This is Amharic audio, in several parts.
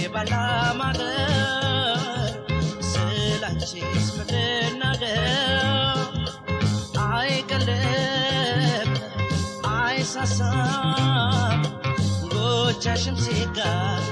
የባላ ማደር ስላንቺስ መደናገር አይቀልብ አይሳሳም ጎቻሽም ሲጋር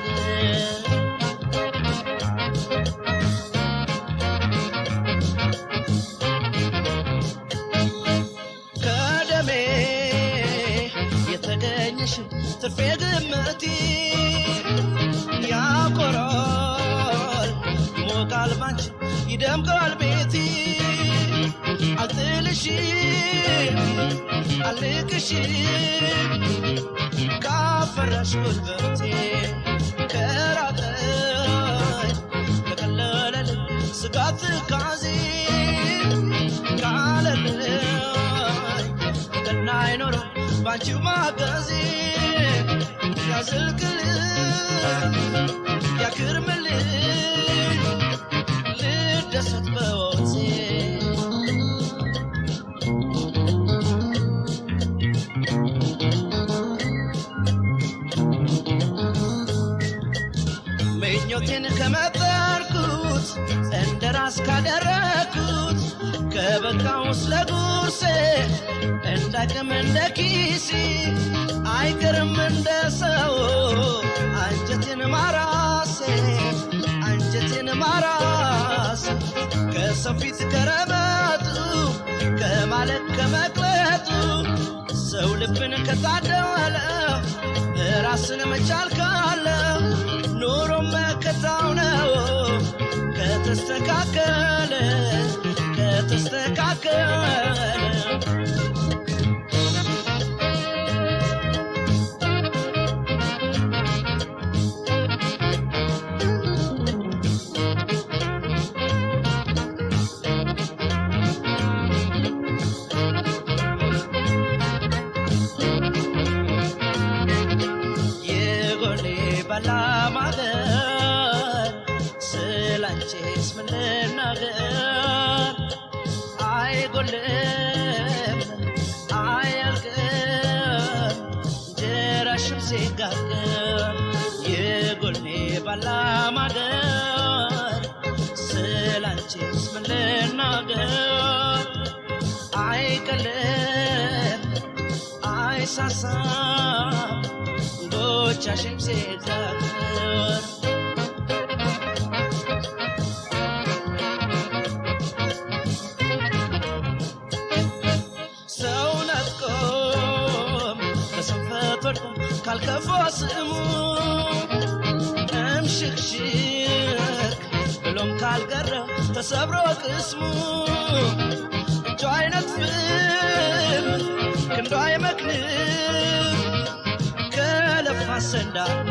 አልቅሽም አልቅሽም ካፈራሽ ጉልበቴ ስጋት ካዜ ካለልኝ ቀና አይኖረ ባንቺ ማገዜ ያዝልቅል ያክርምል ሕይወቴን ከመጠርኩት እንደ ራስ ካደረኩት ከበቃው ስለ ጉርሴ እንዳቅም እንደ ኪሲ እንደ ሰው አንጀቴን ማራሴ አንጀቴን ማራሴ ከሰው ፊት ማለት ከመቅለቱ ሰው ልብን ከታደዋለው ራስን መቻል ካለ ኑሮ መከታው ነው ከተስተካከለ ከተስተካከለ ስ ምንናገር አይጎልም አያልቅም እንጀራሽም ሲጋገር የጎልኔ ባላማገር ስላንቺስ ምንናገር አይቀልም አይሳሳም ጎቻሽም ሲጋገር አልከበድኩም ካልከፋ ስሙ እምሽክሽክ ብሎም ካልገረም ተሰብሮ ቅስሙ እጁ አይነት ፍም ክንዱ አይመክንም ከለፋ ሰንዳሞ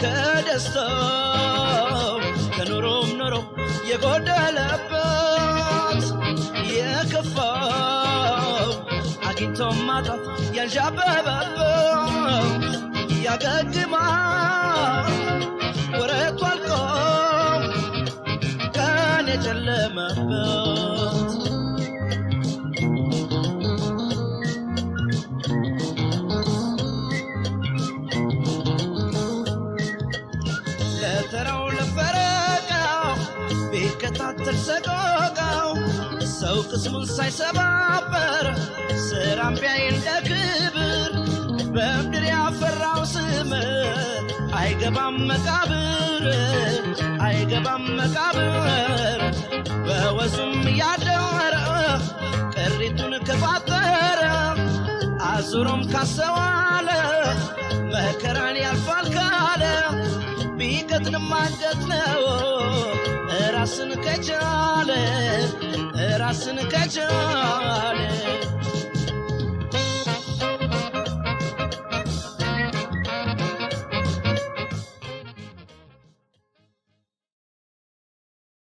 ከደስታው ከኑሮም ኖሮ የጎደለበት የከፋ يتمطى يا الجباب يا قد ما وريت والقوم كانت المبات لا تروا الفرقة بقطعة السقا ቅስሙን ሳይሰባበር ስራም ቢያይ እንደ ክብር በምድር ያፈራው ስም አይገባም መቃብር አይገባም መቃብር በወዙም እያደወረ ቅሪቱን ከባጠረ አዙሮም ካሰዋለ መከራን ያልፋል ካለ ቢቀትንም አንጀት ነው ራስን ከቻለ ራስን ከቻለ